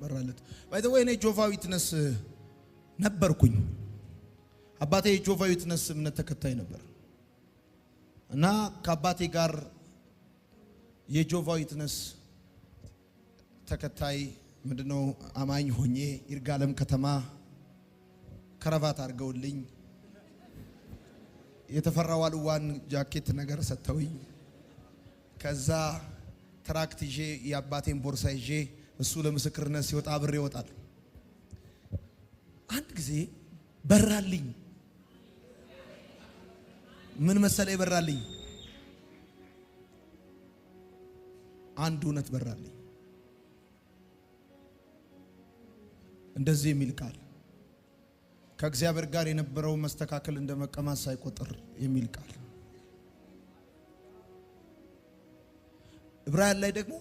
በራለት ዘ ወይ እኔ ጆቫ ዊትነስ ነበርኩኝ። አባቴ የጆቫ ዊትነስ እምነት ተከታይ ነበር እና ከአባቴ ጋር የጆቫ ዊትነስ ተከታይ ምንድነው አማኝ ሆኜ ይርጋለም ከተማ ከረባት አድርገውልኝ የተፈራው አልዋን ጃኬት ነገር ሰጥተውኝ ከዛ ትራክት ይዤ የአባቴን ቦርሳ ይዤ እሱ ለምስክርነት ሲወጣ አብሬ ይወጣል። አንድ ጊዜ በራልኝ። ምን መሰለ ይበራልኝ፣ አንድ እውነት በራልኝ። እንደዚህ የሚል ቃል ከእግዚአብሔር ጋር የነበረው መስተካከል እንደ መቀማት ሳይቆጥር የሚል ቃል ዕብራውያን ላይ ደግሞ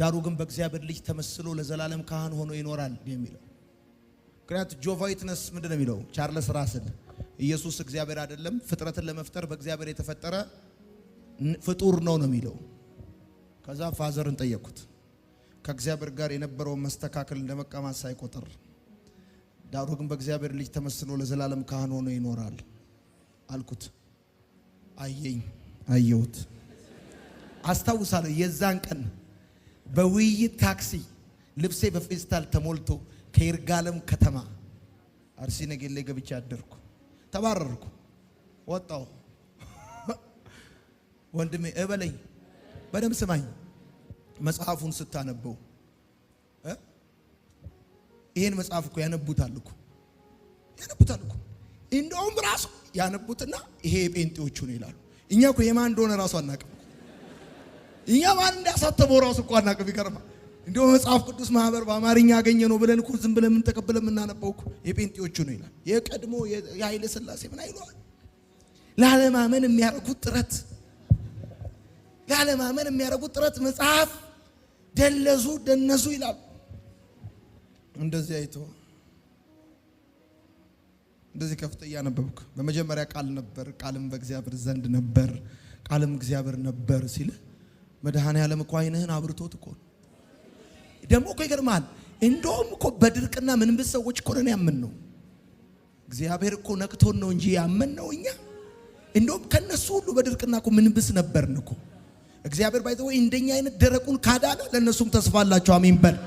ዳሩ ግን በእግዚአብሔር ልጅ ተመስሎ ለዘላለም ካህን ሆኖ ይኖራል የሚለው ምክንያቱ ጆቫይትነስ ዊትነስ ምንድን ነው የሚለው ቻርለስ ራስል ኢየሱስ እግዚአብሔር አይደለም፣ ፍጥረትን ለመፍጠር በእግዚአብሔር የተፈጠረ ፍጡር ነው ነው የሚለው። ከዛ ፋዘርን ጠየቁት ከእግዚአብሔር ጋር የነበረውን መስተካከል እንደ መቀማት ሳይቆጥር ዳሩ ግን በእግዚአብሔር ልጅ ተመስሎ ለዘላለም ካህን ሆኖ ይኖራል አልኩት። አየኝ፣ አየሁት፣ አስታውሳለሁ የዛን ቀን በውይይት ታክሲ ልብሴ በፌስታል ተሞልቶ ከይርጋለም ከተማ አርሲ ነገሌ ገብቼ አደርኩ። ተባረርኩ፣ ወጣሁ። ወንድሜ እበለኝ፣ በደም ስማኝ። መጽሐፉን ስታነበው ይህን መጽሐፍ እኮ ያነቡታል እኮ ያነቡታል እኮ እንደውም ራሱ ያነቡትና ይሄ የጴንጤዎቹ ነው ይላሉ። እኛ እኮ የማን እንደሆነ ራሱ አናውቅም። እኛ ማን እንዳሳተመው ራሱ እኮ አናውቅም። ይገርማ እንዲሁ መጽሐፍ ቅዱስ ማህበር በአማርኛ ያገኘ ነው ብለን እኮ ዝም ብለን የምንተቀብለን የምናነበው እኮ የጴንጤዎቹ ነው ይላል። የቀድሞ የኃይለ ስላሴ ምን አይለዋል? ላለማመን የሚያደርጉት ጥረት ላለማመን የሚያደርጉት ጥረት መጽሐፍ ደለዙ ደነዙ ይላል። እንደዚህ አይቶ እንደዚህ ከፍተ እያነበብክ በመጀመሪያ ቃል ነበር፣ ቃልም በእግዚአብሔር ዘንድ ነበር፣ ቃልም እግዚአብሔር ነበር ሲል መድኃኔ ዓለም እኮ አይንህን አብርቶት እኮ ደግሞ እኮ ይገርማል። እንደውም እኮ በድርቅና ምንም ሰዎች እኮ ነን ያምን ነው። እግዚአብሔር እኮ ነቅቶን ነው እንጂ ያምን ነው እኛ እንደውም ከነሱ ሁሉ በድርቅና እኮ ምንብስ ነበርን እኮ። እግዚአብሔር ባይዘው እንደኛ አይነት ደረቁን ካዳለ ለእነሱም ተስፋ አላቸው። በል